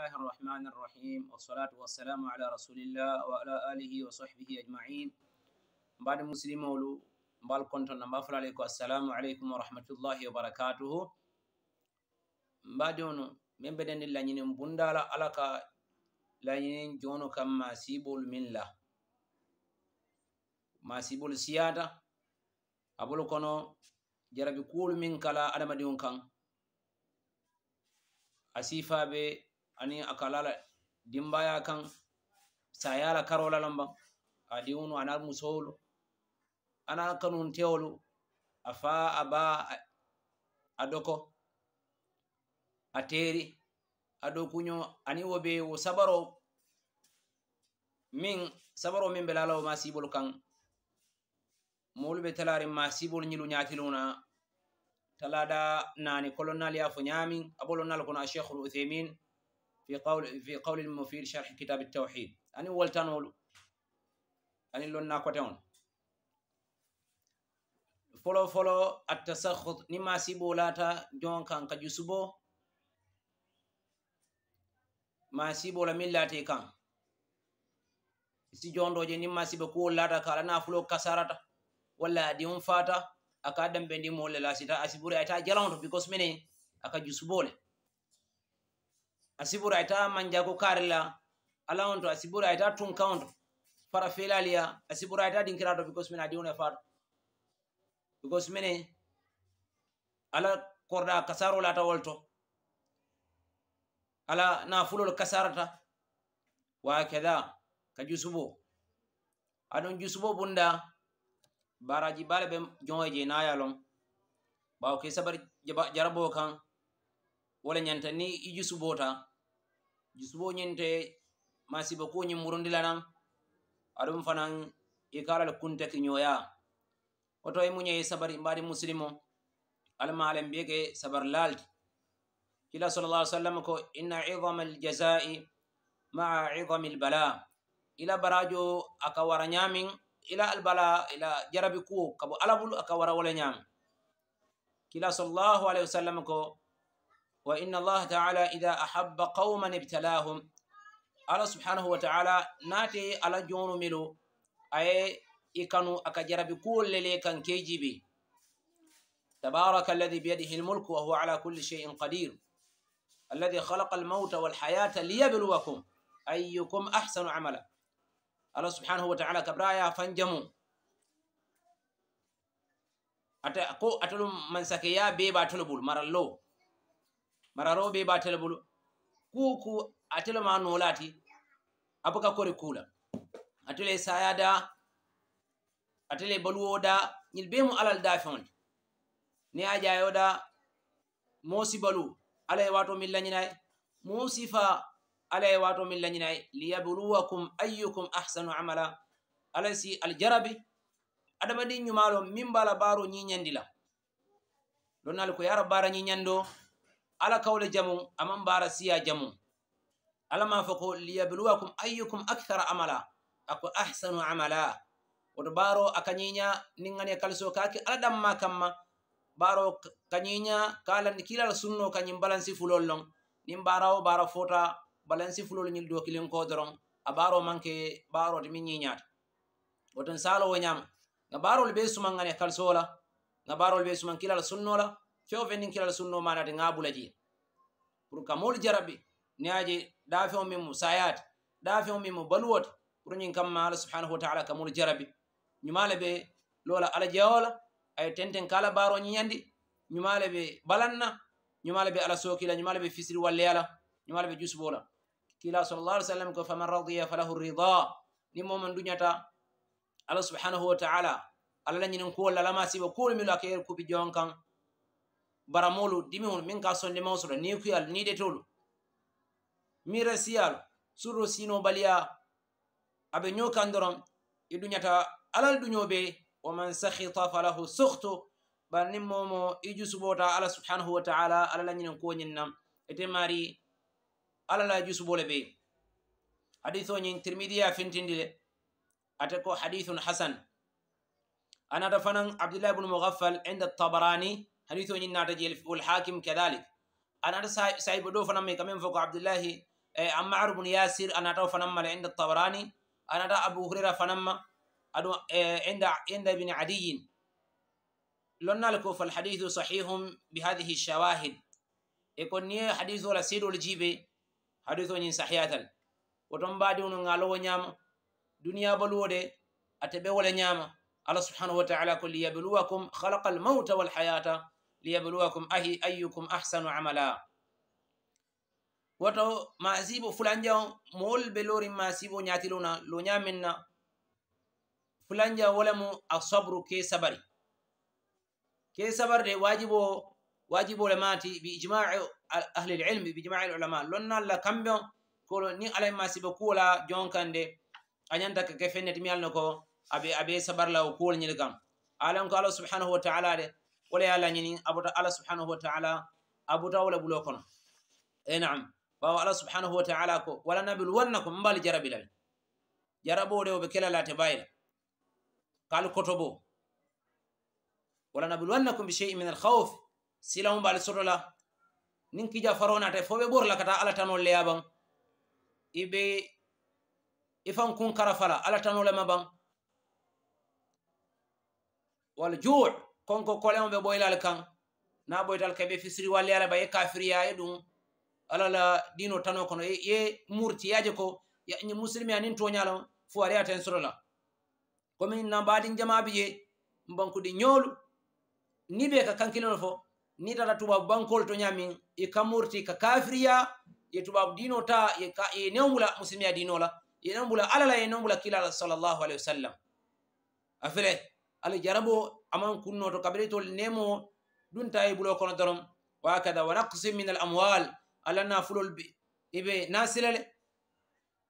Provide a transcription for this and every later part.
illahi arrahmani arrahim wassalatu wassalamu ala rasulillah waala alihi wa sahbihi ajmain mbaɗe musilimolu mbalkontonno mbafalaleyku assalamu aleykum wa rahmatullahi wa barakatuhu mbaɗe ono min mbeɗenni lañinin bundala ala ka lañinin jonu kam ma sibol min la ma sibol siyata abol kono jarabi kuwol min kala adamadi on kan a sifaɓe ani akalala dimbaya kan sayala karolalamba adiunu ana musowolu ana kanuntewolu afa aba adoko ateri adokuño ani wobe wo sabaro min sabaro min belala wo masibol kan molu be talari masibol ñilu ñatiluna talada nani kolonnal yafo ñamin abolonnal kono a cheikhul uthemine fi qawli lmufir charhe kitabe tawhid anin woltanolu anin lonna kote on folo folo atasahud ni ma sibolata jon kan ka jusubo ma sibola min late kan si jondoje nin ma sibo kuwol lata ka alana fulo kasarata walla adin fata aka dambe ndi molle lasita asiburi ayta jalawto because minen aka jusubole asibura ita manjago karila alawonto asibura ita tun count para felalia asibura ita dinkirato because mine diuna far because mine ala korda kasarol ata wolto ala na nafulol kasarata wakeda ka jusubo adon jusubo bunda baraji bala ɓe jowoje nayalon ɓawo ke sabar jarabo kan wala ñanta ni i jusubota jusubo ñinte masiba ko ñin murundilanan aɗum fanan ikalal kunte kiñoya woto i muñayi sabar imbaɗi musilimo almalen mbiyeke sabar laalti kila sallla ali sallam ko inna idama aljazai maa idami albala ila barajo aka wara ñamin ila albala ila jarabi kuwo kabo alabulu aka wara wole ñamin kila sallllahu alahi wa sallam ko وإن الله تعالى إذا أحب قوما ابتلاهم الله سبحانه وتعالى ناتي على جون ملو أي aye أكجر بكل kullele كيجيبي تبارك الذي بيده الملك وهو على كل شيء قدير الذي خلق الموت والحياة ليبلوكم أيكم أحسن عملا الله سبحانه وتعالى كبرايا فنجمو أتلو من سكيا بيبا تلبول مرلو mararoo be ba tele bulu kuku atele ma nolati abuka kore kula atele sayada atele baluwo da ñil be mu alal da feŋol ne a jayo da mosi balu ala e wato min lañinay musifa ala e wato min lañinay liyabluwakum ayukum ahsanu amala ala si aljarabi adamadin ñumalo min bala baro ñiñandi la lonnali ko yara bara ñiñando ala kawle jamum aman mbara siya jamum alama foko liyabluwakum ayukum akthara amala ako ahsanu amala woto baro akañiña ningane kalso kake ala damma kamma baro kañiña kala kilal sunno kañin balansi fulol non nin barawo bara fota balansi fulol ñil do kilin ko doron a baro manke baro timi ñiñata woton salowo ñama nga barol be suman ngane kalsola nga barol be suman kilal sunnola fewo fenin kilal sunno manate ŋabula jeyi pour ka moolu jarabe ni aje da fewo min mo sayaate da fewo min mo baluwote pour ñin kamma ala subhanahu wa taala ka moolu jarabe ñumale ɓe lola ala jewola ay tenten kala baro ñiñandi ñumale ɓe balanna ñumale ɓe ala sookila ñumale ɓe fisir walleyala ñumale ɓe jusbola kila salallah alih w sallam ko faman radiya falahu rida ni momon duñata ala subhanahu wa taala ala lañinen kuwol lalamasiba kuolumilo akeyel kupi jon kan baramolu dimiwolu min ka sondemaw soto nikuyalu nidetolu min resiyalu surdo sino baliya abe ño kan doron i duñata alal duño be waman sahita falahu sohto bar nin momo i jusubota ala subhanahu wa taala ala la ñinen koñin nam ete mari ala la jusubole be hadiso ñin tirmidiya fintindi le ate ko hadisun hasan anata fanan abdullah ibnu mugaffal inde tabarani hanito ñin natajel wal hakim kadalik anata sahibo ɗo fanan mi kamen foko abdoullahi e, ammar bne yasir anata fananma le inde tabarani anata abu hurira fananma aɗum e, inde bine adiyin lonnal ko falhadithu sahihum bihadihi shawahid e kon niye hadith ola seeɗol jiɓe hadith oñin sahiyatal woton mbadiuno ngalowo ñama duniya baluwode a teɓe wole ñama allah subhanahu wa taala kolli yabluwakum khalaqa almauta walhayata liyabluwakum ayyukum ahsanu amala woto masibo fulanja mool be lorin masibo ñatilona lo ñaminna fulanja wolemo a sobru ke sabari ke sabar de wajibo wajibole mati bi ijmai ahli lilmi bi ijmai lulama lonnalla kamɓe kolo ni alay masibo kuwola jonkande a ñanta ke fenneti mialno ko aɓe sabarla o kuwol ñil kam alanko allah subhanahu wa taala de wala ye a laɲini a bota alla subhanahu wataala a bota wala bulo kono e naam bawo alla subhanahu wataala ko wala nabil wannako mbal jarabilal jarabo de oɓe kela late bayila kal kotobo wala nabil wannako bi shei min alhawf silamu mbal sotola nin kija faronate fo ɓe ɓorla kata alla tanol leya ɓan iɓe ifan kun kara fala alla tanolema ɓan wal juu konko kolemo ɓe ɓoylal kan na ɓoytal kaɓe fisiri walle ala ɓa ye kafiriya ye ɗum alala dino tano kono ye murti yaje ko muslimi anin toñalam fo ari aten sorola komi na mbadin jamaɓi je bankudi ñoolu ni ɓe ka kankilono fo ni tata tubabu bankol to ñamin e ka murti ka kafiriya ye tubabu dino ta ye nembula muslimiya dinola ye nembula alala ye nembula kilala sallllahu alahi wa sallam afire ala jarabo aman kunno to kabiretol nemo ɗum tawi e bulo kono dorom wakada wa naqsi min al amwal alla na fulol ɓe nasilale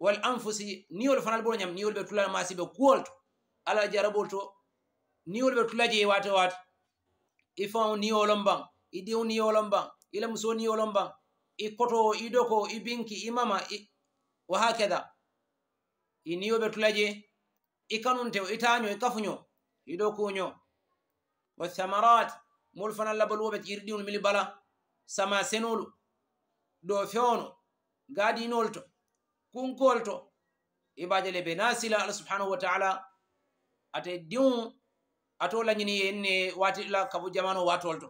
wal anfusi niwol fanal bolo ñam niwol ɓe tulla masiɓe kuwol to alla jarabol to niwol ɓe tulla je wata wata i fan niyolon ban i diw niyolon ban ila muso niyolon ban i kotowo i doko i binki i mama wa hakada i niwo ɓe tulla je i kanunte i taño i kafuño i dokuño wa thamarati moolu fanaŋ labaluwo be ti iridiŋolu mili bala samasenolu do fewono gadinolu to kunkolu to i baje le be nasila alla subhanahu wa taala ate diŋo ato lañini ye nne waati la kabu jamano waatolu to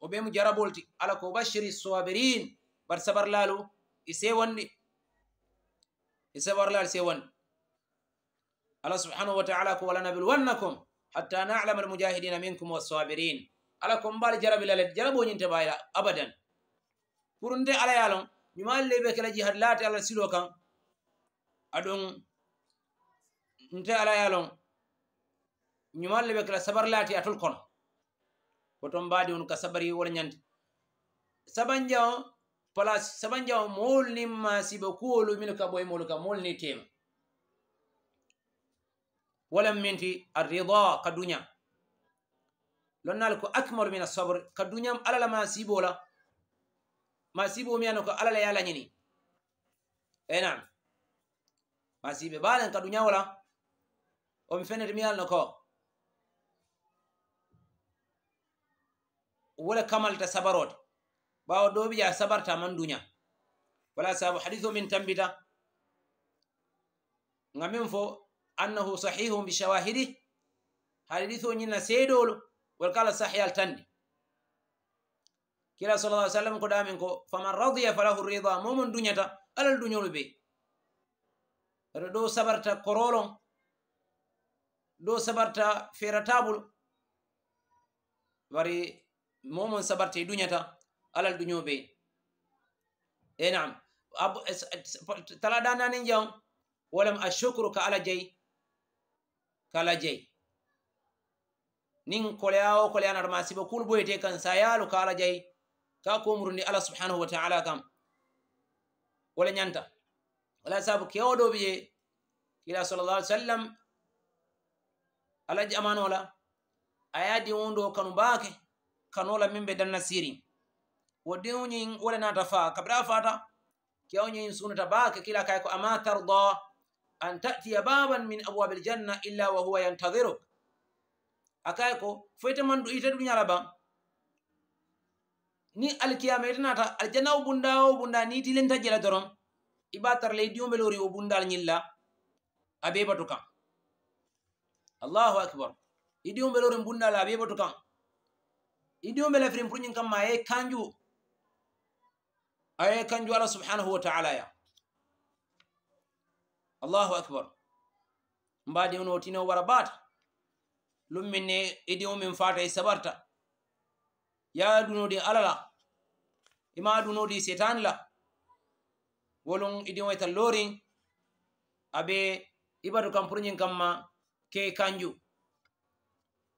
wo be mu jarabolu ti alla ko basiri sabirin bari sabarlaalu i sewandi i sabarlaalu sewandi alla subhanahu wa taala ko walanabilwannakom hatta nalama almujahidina minkum wasabirin ala ko mbaali jarabilale jaraboñintebayla abadan pour nte alaya lon ñumaali leybe kela jihad laate allah silo kan aɗum nte alaya lon ñumaali leybe kela sabar laati atol kono koton mbaadi on ka sabari wala ñande sabanja o place sabanja o mowol ni masiba kuwolu min ka ɓoye mowolu ka mowol ni tema walam minti arida ka duña lonnal ko akmar min asabre ka duñam alala ma sibo la ma sibo miyano ko alala ya lañini enan eh, ma sibe balen ka duña wala omi fenet miyal no ko wala kamalta sabarote bawa doɓija sabarta man duña wala sabu hadiseo min tambita ngamin fo annahu sahihum bishawahidi haɗiɗithoñinna seeɗolo wol kala sahiyal tanɗi kila sal ah sallam ko ɗamin ko faman radiya falahu rida momon duñata alal duñolu ɓe aɗa ɗo sabarta korolon ɗo sabarta feratabul wari momon sabarta e duñata alal duño ɓe e nam talaɗananin jam walam ashukru ka ala jeyi kala jey nin koleyawo koleyan ata ma sibo kulboyete kan sa yaalu kaala jey ka komrundi allah subhanahu wa taala kam wala ñanta wala sabu kewoɗoɓe je kila sallallah alih sallam alaji amanola aya diwundo kanu baake kanola min ɓe danna siri wo diwñin wolenata fa kaɓeɗa fata kewñin sunata baake kila kay ko ama tardaa an tatiya baban min abwabi ljanna illa wa huwa yantadiruk akaye ko foytemanɗu itaɗu ñalaban ni alkiyama itanata aljanna wo bunda wo bunda ni tilenta jela doron iba tarla diyomelori wo bundal ñilla abebatu kan allahu akbar idiyomelori bundala abebatu kan idiyomelafirin pour ñin kanma aye kanju aye kanju ala subhanahu wa taala ya allahu akbar mbadi ono tino wara baata lumminne idi omin fata e sabarta ya dunodi alala ima e dunodi setan la wolum idin wayta lorin abe ibadu kam purñin kamma ke kanju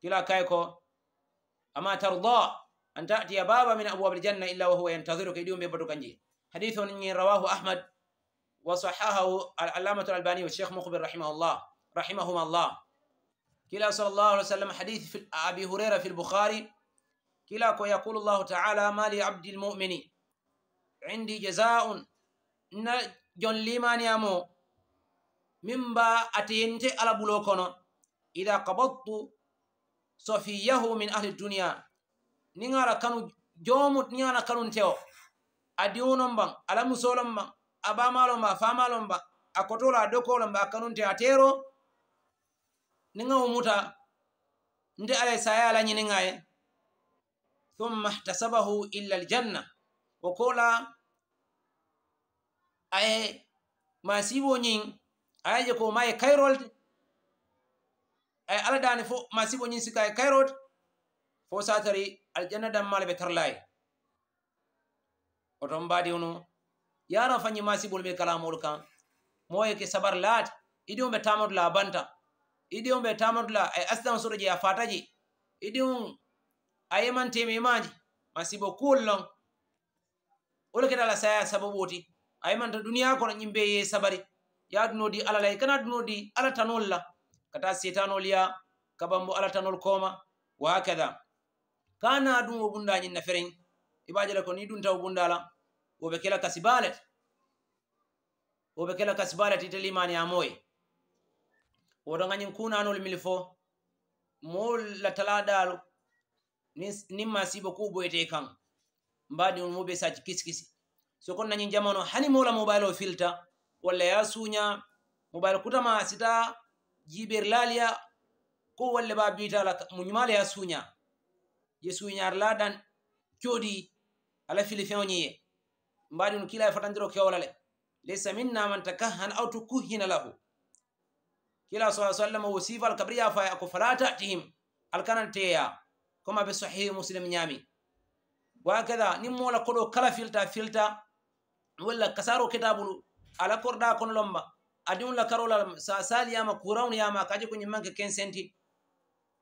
kila kay ko ama tarda an taatiya baba min abwabil janna illa wahuwa yantadiru ko idi ombe baduka nje hadithe on ñin rawahu ahmad wa sahahahu al allamatu al albani wa cheikh mukbir rahimahullah rahimahum allah kila sal llah alih wa sallam hadith abi hurera fi lbukhari kila ko yaqulu llahu taala mali abdi lmumini indi jazaun na jon limaniyamo minba ateyente ala bulo kono ida kabadtu sofiyahu min ahli duniya ni ŋara kanu jomu ni ŋana kanun tewo adiwunon baŋ alamusolon baŋ a bamalomba famalomba a kotola a dokolomba a kanunte a tero niŋa wo muta nte alla saya la ñiniŋaye thumma htasabahu illa aljanna wo kola aye masibo ñiŋ aye je ko maye kayrolt aye alla dani fo masibo ñiŋ sika ye kayrot fo satari aljanna danmala be tarlaye oton badiwnu yaran fanñima sibol ɓe kalamol kan moye ke sabar laati idiwo ɓe tamatula a banta idiwo ɓe tamatula ay accident soto je a fataje idiw um, a yemantemimaji ma sibo kuol non wolu kedala saya sababoti a yimanta duniya kono ñimɓe ye sabari ya dunodi ala la kana dunodi ala tanol la kata setanol ya kabambo ala tanol koma wahakada kana dun wo bundañin na feren ibajala ko ni dun taw bundala ubekela ɓe kela kasibaa le ti wo ɓe kela kasibaa le ti ite fo la talaa ni niŋ kubo kuu boyite kaŋ mbaadiŋolu mu be saji kisikisi so kono nañiŋ jamano hani mola mobile filter filta walla sunya mobile kutama sita jiibeerilaalu ya ko walle ba biita la mu ya sunya ye a ladan codi ala filifeo ñiŋ mbaɗi no kilaa fotandiro kewlale laysa minna man takahana aw to kuhina lahu kila sa sallam wo siifa alkabriya faya ako fala tatihim alkanan teya comme aɓe sahihi muslim ñaami wakada ni mola koɗo kala filta filta walla kasaro kitabulu ala korɗa kono lomba adiwla karolal sa saliyama kurawniyama kaje ko ñimmanke ken senti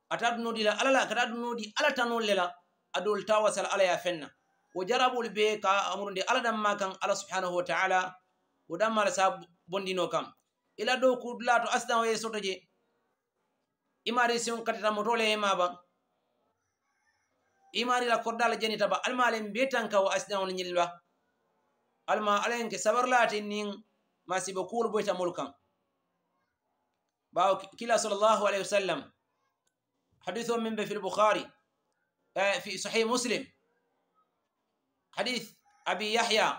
ata dunodila alala kata dunodi ala tanol lela adol tawasal ala ya fenna wo jarabolu be ka amurunde ala damma kan ala subhanahu wa taala wo dammala sa bondino kam ila dow kudula to asidan o ye soto je imari sin katita motole ye maba imari la kordala jenita ba alma alen be tan ka wo asidan o ne ñilliba alma ala yen ke sabarlate nin masibo kuwol boyta molu kan bawo kila salllahu alayhi wa sallam hadiseo min be fi lbukhari eh, fi sahih muslim حديث أبي يحيى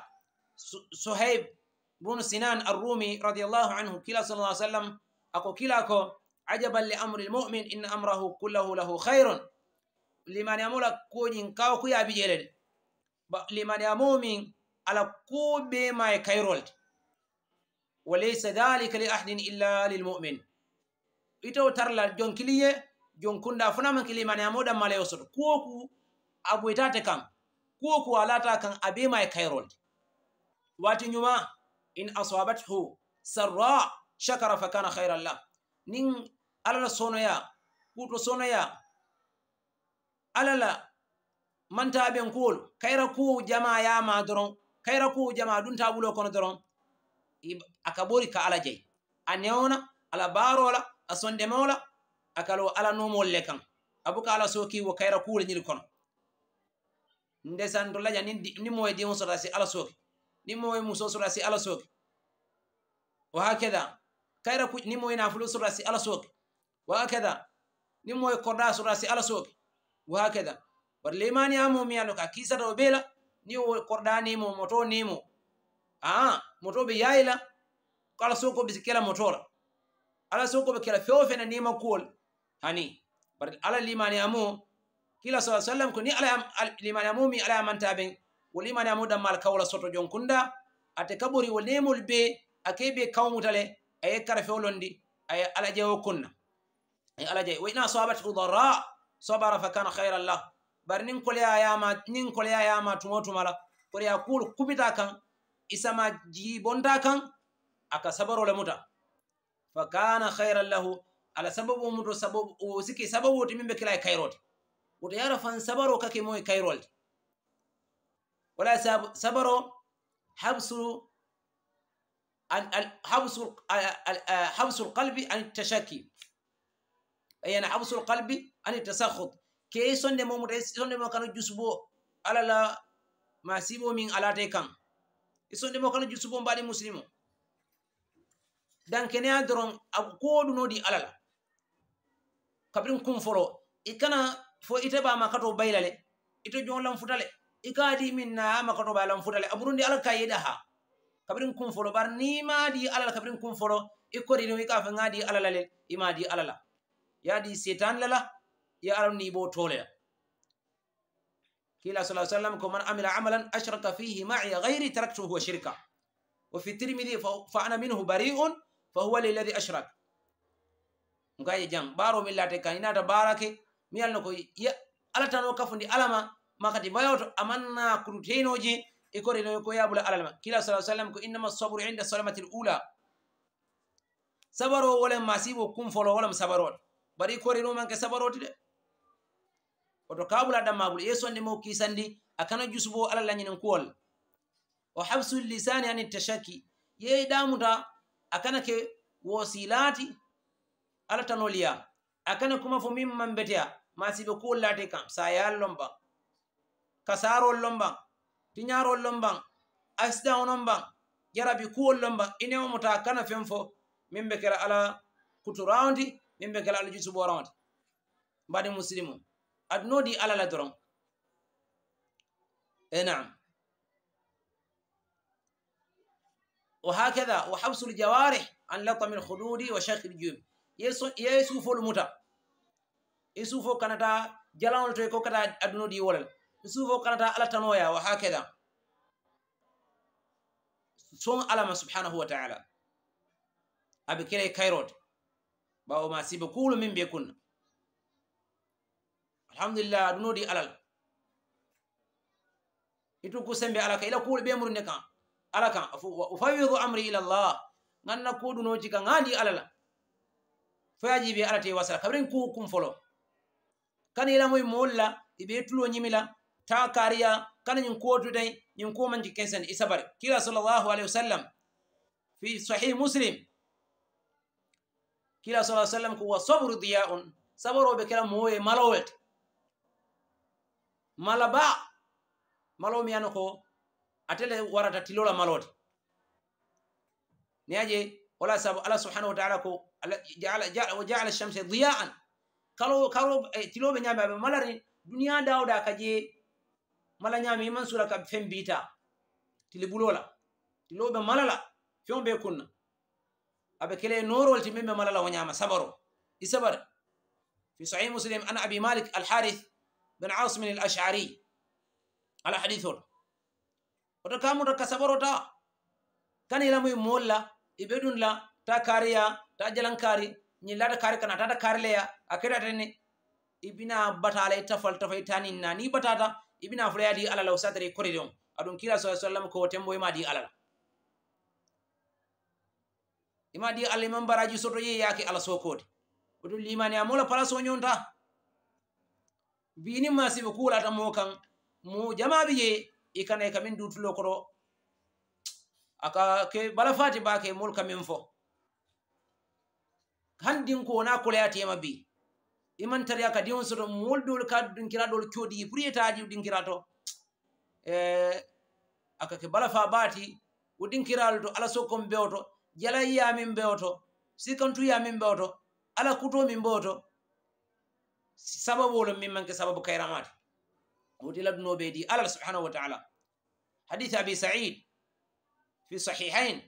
سهيب بن سنان الرومي رضي الله عنه كلا صلى الله عليه وسلم أكو كلاكو عجبا لأمر المؤمن إن أمره كله له خير لمن يمول كوجين كاو كويا بيجلد لمن يمومين على كوب ما يكيرول وليس ذلك لأحد إلا للمؤمن إتو ترلا جون كليه جون كندا فنا كلي من يمودا ماليوسر كوكو أبو إتاتكم ko ko walata kan abe mai kairol wati nyuma in asabathu sarra shakara fa kana khairan la nin alala sonoya kuto sonoya alala manta ben kool kaira ku jama ya ma doron kaira ku jama dun tabulo kono doron akabori ka alaje aneona ala barola asonde mola akalo ala no molle kan abuka ala soki wo kaira kuul nyil kono ndesan to laja ni moy di on sorasi ala sooke ni moy muso sota si ala sooke wa hakada kayra ni moy na fulu sorasi ala sooke wa hakada ni moy korda sota si ala sooke wa hakada bari limani amo miyalo ka kisa do bela ni o korda mo moto mo a moto be yaila kala soko be kela motora ala soko be kela fofena fena nima kuwol hani bari ala limani amu kila sa sallam ko ni alaliman yamumi ala yamantaɓe woliman yamuɗa mal kawla soto jon kunda ate kaɓori wo lemol be ake be kawmutale a yekkara fewlondi ay ala jeewo kunna ay ala jeey woyna sobat udara sobara fa kana hayra llah bar nin koleya yama nin koleya yama tumo tumala koreya kuul kuɓita kan isama jibonta kan aka sabarole muta fa kana hayra llahu ala sababu muto sabab o siki sababu timi be kilay e kayrote woto yara fan sabaro kake moye kayrolde wala sabaro habsu habsul qalbi an tashakki ayana habsul qalbi an tasahud ke sonde momuta sonde mo kano jusubo alala ma sibo min alate kan e sonde mo kano jusubo mbaɗi muslimo dan kene a doron ako koɗunodi alala kabrin kumforo i kana fo ite bama kato baylale ite jo lan futale ikadi min na ma kato ba lan futale aburundi ala ka yeda ha kabrin kun foro bar ni ma di ala kabrin kun foro ikori ni wika fa ngadi ala lale imadi ala la ya di setan lala ya ala ni bo tole kila sallallahu alaihi wasallam kuma amila amalan ashraka fihi ma'i ghairi taraktu huwa shirka wa fi tirmidhi fa ana minhu bari'un fa huwa lilladhi ashrak ngaye jam baro millate kanina da barake mi yalno ko ala tan o kafundi alama ma kadi bayawto amanna kono teynoji e kore no ko yabula alalma kila sa sallam ko innama sabru inda salamati l ula sabaro wolem masibo kumfolo wolem sabarode bari kore no manke sabarote de oto kabula dammabul yesonde mo kisandi akana jusubo alalañinen kuwol o habsu lisani ani tashakki yey damuta akana ke wosilati alatano liya a kana kuma fo min mambeteya masiɓe ku late kam sayal lomban kasarol lomban tiñarol lomban accident onon ban yarabi kuwol lomban inewomota kana fen fo min be kera ala kutu rawndi min be kera ala jusubo rawndi mbaɗi muslimu aduno di ala la doron e naam wa hakada wa habsu ljawarih an latami lhududi wa shakil jumi ye suufolu muta i e suufo kanata jalaŋolu to e ko kata aduno di wolel i e suufo kanata alla tanoya wa hakeda soŋ alama subhanahu wa taala abe kere kayrote bawo ma sibe kuulu miŋ be kunna alhamdulillah aduno di alal itu ku sembe ala ka ila kuulu be muru ne kaŋ ala kaŋ ufawidu amri ila llah ŋaŋ na kuo dunoji ka ŋa di alala fo ye jiibe wasala kabri ku kum folo kan ila moy molla la i be tuloo ñimi ta kariya kaariya kana ñiŋ kuwo tutaŋ ñiŋ kuwo maŋ ti kensani kila sallallahu alaihi wasallam fi sahih muslim kila sa wasallam ko wa sabru diyaun sabaro be kela moy malawet malaba te malo mi yano atele warata tilola malote ni aje wala sabu ala subhanahu wa taala ko جعل جعل وجعل الشمس ضياء كلو كلو تلو بنيا مالرين دنيا داودا كجي mala ñaami man sura ka بيتا biita tili تلو tilo be malala fion be kunna abe kele norol ti membe malala wa isabar في صحيح مسلم أنا ابي مالك الحارث بن عاصم الاشعري على حديثه وتكامو صبروا تا كان يلمي مولا يبدون لا كاريا ta jalan kari ni lada kari kana tata kari leya akira tene ibina batala itafal tafai tani na ni batata ibina fulaya di alala usatari kore diyon adun kira sallallahu alaihi wasallam ko tembo ima di alala ima di alle mambaraji soto ye yake ala sokode odun limani amola pala so nyonta bini masibu kula ta mokan mu jama biye ikana e kamin dutulo koro aka ke balafati ba ke mulka min fo handin ko na kula ya tema bi iman tariya ka diun soto moldol ka dun kira dol kyodi puriyeta ji din kira to eh aka ke bala fa bati udin kira to ala sokon beoto jala ya min beoto sikantu ya min beoto ala kuto min beoto sababu lo min ke sababu kairamati ودي be di ala subhanahu wa ta'ala hadith abi sa'id fi sahihain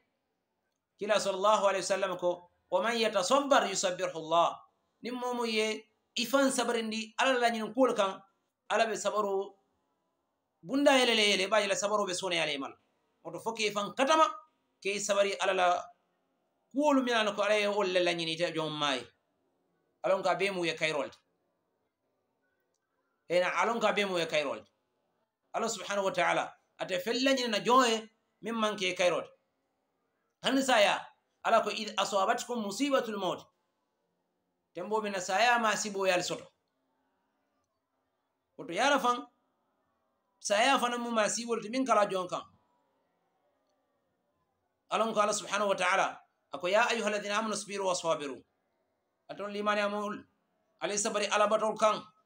kila sallallahu alaihi wasallam ko. waman yata sombar yusabbirhu llah nin momu ye ifan sabari ndi alla la ñinin kuol kan ala ɓe sabaro bunda yelele yele ɓa yela sabaro ɓe sone ale mal woto fo ke fan katama ke sabari ala la kuolu minano ko alaye wol la lañinite jom maayi alonka be muye kayrolde ena alonka be muye kayrolde allah subhanahu wa taala ate fellañinana jonhe min manke kayrode hanni saya ala ko id asabatkum musibatul maut ma sibo yal soto woto yara fan saya fana ma siwol to min kala jon alam qala subhanahu wa taala ako ya ayyuhalladhina amanu sabiru wasabiru aton limani amul alisa bari alabatul kan